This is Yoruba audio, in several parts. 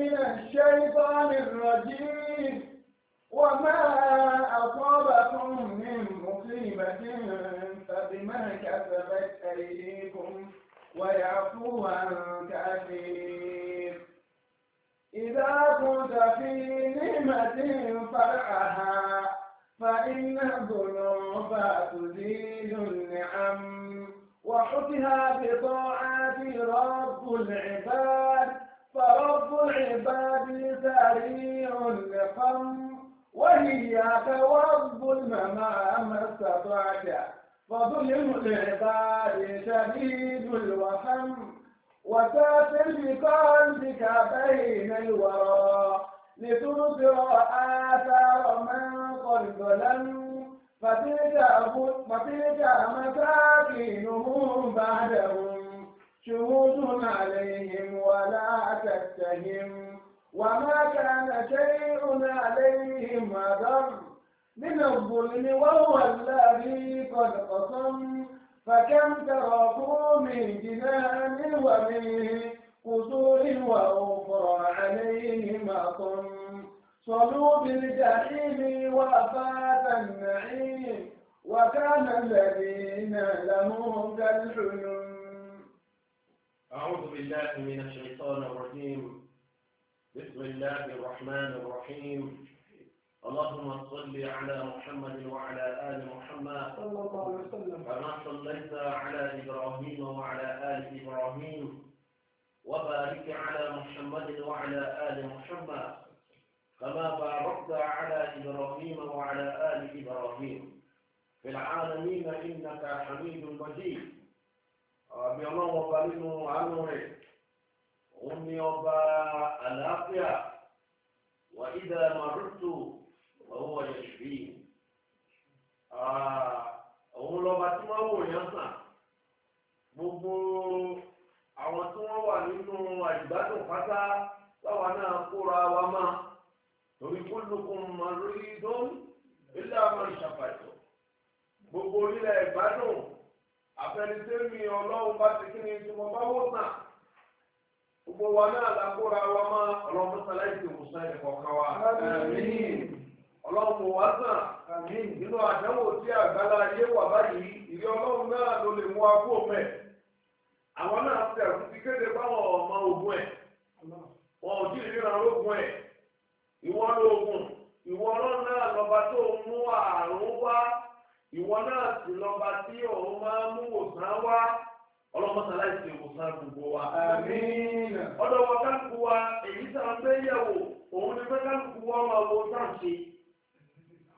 من الشيطان الرجيم وما أصابكم من مصيبة فبما كسبت أيديكم ويعفو عن كثير إذا كنت في نعمة فرعها فإن الذنوب تزيل النعم وحكها بطاعة رب العباد فرب العباد سريع وهي وإياك ورب ما استطعت فظلم العباد شديد الوهم وسافر بقلبك بين الورى لتبصر آثار من قد ظلم فتلك مساكينهم بعدهم شهود عليهم ولا تتهم وما كان شيء عليهم أدر من الظلم وهو الذي قد قصم فكم تركوا من جنان ومن قصور وأخرى عليهم أطم صلوا بالجحيم وأفات النعيم وكان الذين لهم كالحلم أعوذ بالله من الشيطان الرجيم بسم الله الرحمن الرحيم اللهم صل على محمد وعلى آل محمد صلى الله عليه وسلم كما صليت على إبراهيم وعلى آل إبراهيم وبارك على محمد وعلى آل محمد كما باركت على إبراهيم وعلى آل إبراهيم في العالمين إنك حميد مجيد àbí ọlọ́run ọba nínú àánú rẹ̀ òun ni ọba àlàáfíà wà ìdá màrútù ọwọ́ ẹ̀ṣùbí òun lọ́ba tí wọ́n wò yẹn sàn gbogbo àwọn tí wọ́n wà nínú àìgbádùn pátá táwa náà kóra wa máa torí kúlùkùn màrúdùn ilé àmọ́ ìṣàpàtọ̀ gbogbo orílẹ̀ ìgbádùn àfẹnitẹ́ mi ọlọ́run bá ti kí ni ìtumọ̀ bá wò sàn gbogbo wa náà lakóra wa má ọlọ́run mọ́sálá ìdè òwòsàn ìkọ̀ọ̀kan wa ọlọ́run wa sàn nínú àdánwò tí àgbàlá ayé wà báyìí ìrí ọlọ́run náà ló lè mú agbó mẹ́ àwọn náà tẹ̀kú ti kéde báwọn ọmọ ogun ẹ̀ wọn ò tí ì ríran lógun ìwọ lóògùn ìwọ ọlọ́run náà lọ́ba tó mú àrùn wá ìwọ náà sì lọ́ba tí òun máa mú wòsàn wá ọlọ́mọta láì ṣe wòsàn gbogbo wa. àmín. ọ̀dọ̀ wa kálukú wa èyí tá a fẹ́ yẹ̀wò òun ni fẹ́ kálukú wa máa wo sáǹṣe.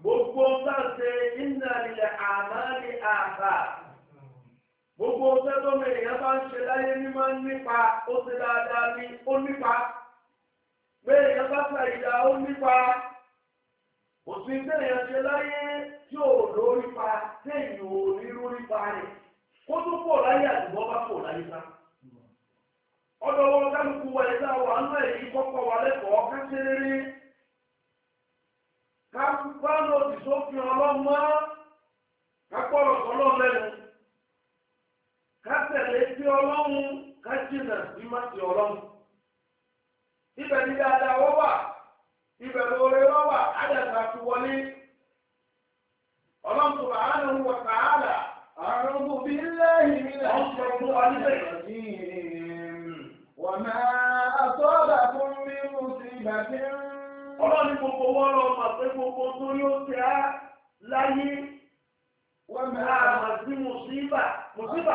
gbogbo sáǹṣe iná ilẹ̀ àmàlì àbá. gbogbo sẹ́tọ́mọ èèyàn bá ń ṣe láyé ní nípa ó ti dáadáa ní ó nípa. bẹ́ẹ̀ èèyàn bá ṣàyídá ó nípa. otu téèyàn ṣe láyé tí ò lórí pa téèyàn ò ní lórí pa rẹ̀ kó tó pọ̀ láyé àdúgbò bá pọ̀ láyé sá. ọ̀dọ̀ wọn kálukú wa wa ń lẹ̀ yìí wa lẹ́kọ̀ọ́ kẹ́sẹ́ rere kápá lòdì sófin ọlọ́mọ kápọ̀rọ̀ sọlọ́ lẹ́nu kátẹ̀lé sí ọlọ́run kájìnà ka má sí ọlọ́run. ibẹ̀ ni dáadáa wọ́n wà. ibẹ̀ lóore lọ́wà àdàtà ti wọlé ọlọ́mùtò àánú wọ̀ sàálà àrùn bùbí lẹ́yìn mi náà. wọ́n sọ fún wa níbẹ̀. wọ́n máa àtọ́dà fún mi mú sí ìgbà tí ń. ọlọ́ni gbogbo wọn lọ mà pé gbogbo tó yóò tẹ á láyé. wọ́n máa mà sí mùsíbà mùsíbà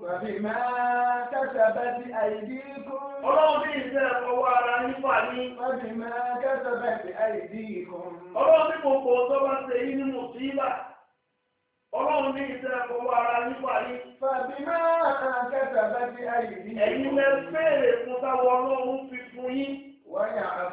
Bàbá kẹsàbẹ́ ti àìdí kún. Ọlọ́run bí iṣẹ́ ọwọ́ ara yín fà ní. Bàbá kẹsàbẹ́ ti àìdí kún. Ọlọ́run bí gbogbo tó bá ṣe yín ní mùsílà. Ọlọ́run ní iṣẹ́ ọwọ́ ara yín fà ní. Bàbá kẹsàbẹ́ ti àìdí kún. Ẹ̀yin lẹ fèrè fún táwọn ọlọ́run fi fún yín. Wọ́n yà á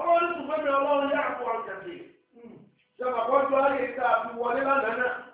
Ọlọ́run tún fẹ́ mi ọlọ́run yà á fún Ṣé bàbá ọjọ́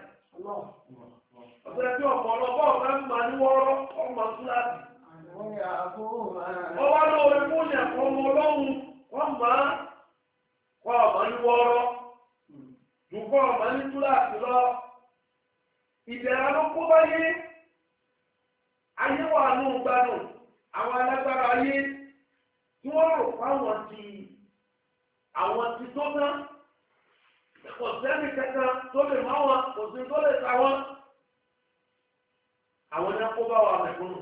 ọ̀mọ́ ní wọ́ọ́rọ́ dùkọ́ ọ̀mọ́ ní túláàsì lọ ìdẹ̀ra ló kó báyé ayé wà nù gbanù àwọn alágbára ayé tí wọ́n rò fáwọn ti àwọn ti tó ná kò sẹ́ni kankan tó lè má wọn kò sí tó lè ta wọn àwọn ẹ̀kọ́ bá wà mẹ́kúnnù.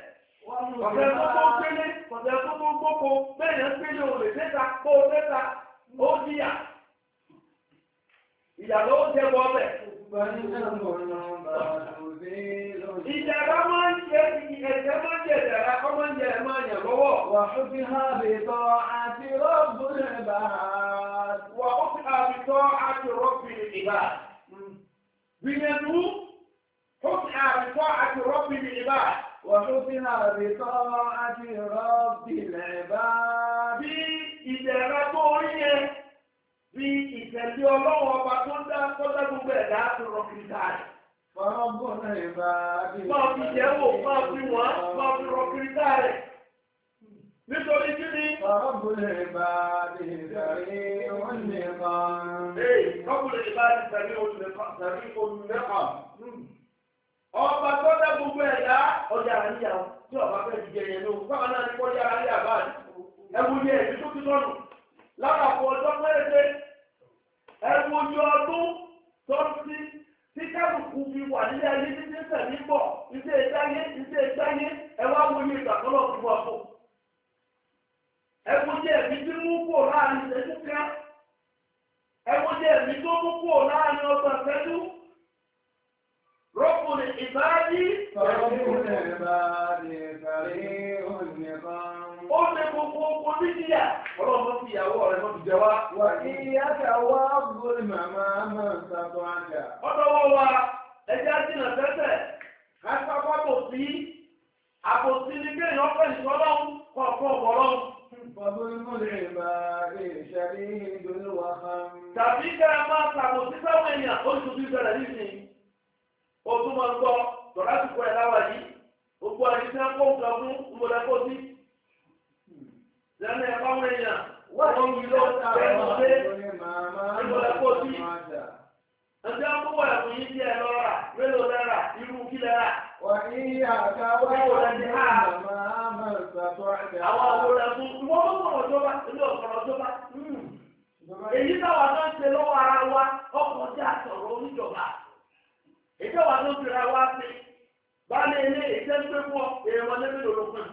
ọ̀sẹ̀ tó tó gbélé ọ̀sẹ̀ tó tó gbóko bẹ́ẹ̀ yẹn gbélé olè tẹ́ta kó o tẹ́ta ó jìyà ìyàló ó jẹ́ àti rọ́ọ̀bù ìbá. وحسن بطاعة رب العباد bí ìdẹ̀ra tó rí yẹn bí ìtẹ̀lé ọlọ́wọ́ ọba tó dá tọ́jà gbogbo ẹ̀dá tó rọ kiri káàdì. Fọ́nbọ́n ìbàdí. Máa fi jẹ́ wò, máa fi wọ́n, máa fi rọ kiri káàdì. Nítorí kí ni? Fọ́nbọ́n ìbàdí ìdàrí òun nìkan. Ee, fọ́nbọ́n ìbàdí ìdàrí òun ọba tó dá gbogbo ẹ̀dá ọjà rẹ̀ níyàwó tí ọba fẹ́ jíjẹ yẹn ló báwa náà ní kọjá ara yà báyìí ẹwu yẹ èyí tó ti lápapọ̀ ọjọ́ yọ ọdún tó ti tí fi wà nílé ayé títí ẹwà wo yẹ fún wa fún. yẹ tí mú kó láàrin ìṣẹ́jú رب العباد فرب العباد سريع النظام ó lé gbogbo onídìyà ọlọ́run ti ìyàwó rẹ̀ lọ́dún jẹ wá. wà ní yàtọ̀ wá gbóni màmá máa ń sàkó àjà. ọdọwọ wa ẹja jìnnà tẹsẹ̀ kápákọ kò sí àbòsí ni bí èèyàn fẹ́ ìṣọlọ́run kọ̀ọ̀kan ọ̀bọ̀lọ́run. Fọ̀bùn o tún máa ń gbọ́ tọ́lá ti kọ́ ẹ̀ láwà yìí gbogbo àyè tí wọ́n kó nǹkan fún ìmọ̀lẹ́ kó sí. lẹ́nu ẹ̀ fáwọn èèyàn wọ́n ń lọ bẹ́ẹ̀ pé ìmọ̀lẹ́ kó sí. ẹ̀jẹ̀ ń kó wẹ̀ fún yín lọ rà mélòó lẹ́rà irú kí lẹ́rà. wà ní àga wáyé ní àmàmà sàtọ́ àjà. àwọn àwòrán fún ìwọ́n mọ̀ ọ̀jọ́ba ilé ọ̀sán ọ̀jọ́ba. ló fi ra wá sí baálé ilé na pọ̀ èèwọ̀ lẹ́mẹ̀lò lọ́kàn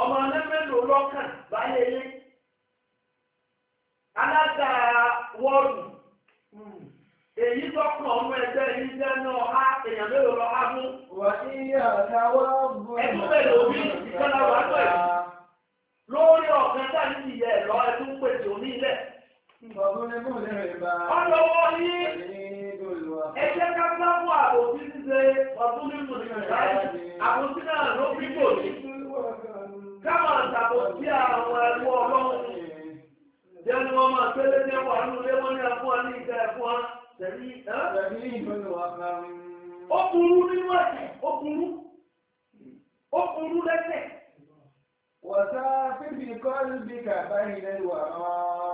ọmọ lẹ́mẹ̀lò lọ́kàn baálé ilé alága wọ́ọ̀lù èyí tó ọmọ ẹgbẹ́ yìí jẹ́ náà èèyàn lọ mú. wà bí wà lórí ìyẹ̀ lọ pèsè lè ẹ jẹ́ ká gbáwó àbòsí ṣíṣe ọdún nínú ìrìnàjò àbòsí náà ló fi kò ní. káwọn àtàbòsí àwọn ẹrú ọlọ́run jẹ́nu wọn máa tẹ́lẹ̀ jẹ́ wà nínú ilé wọn ní ẹ̀fọ́ ní ìgbà ẹ̀fọ́ tẹ̀lé ó burú nínú ẹ̀sẹ̀ ó burú ó burú lẹ́sẹ̀. wọ́n sá fífi kọ́ níbi kàbáyé lẹ́nu àwọn.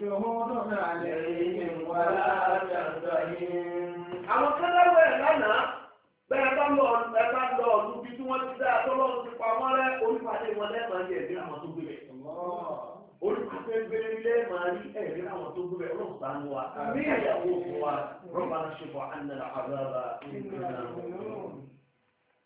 شهود عليهم ولا تنتهين àwọn kẹlẹ́wẹ̀ lánàá bẹ́ẹ̀ bá lọ ẹ bá lọ ọdún bí tí wọ́n ti dá tọ́lọ́ ti pa wọ́n rẹ́ onípàdé wọn lẹ́ẹ̀mọ́ ní ẹ̀dín àwọn tó gbé bẹ̀.